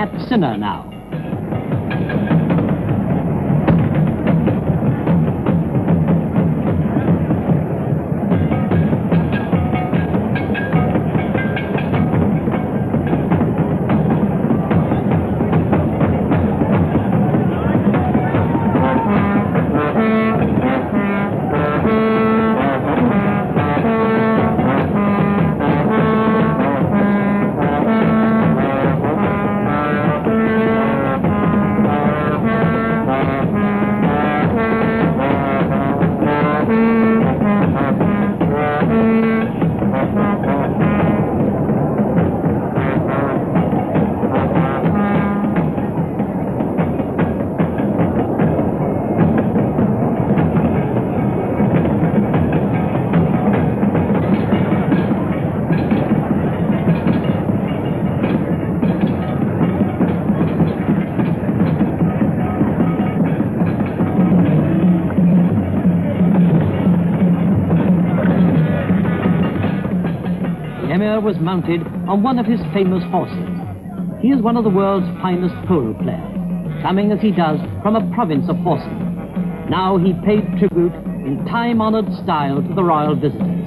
Manhattan Sinner now. was mounted on one of his famous horses. He is one of the world's finest polo players, coming as he does from a province of horses. Now he paid tribute in time-honored style to the royal visitor.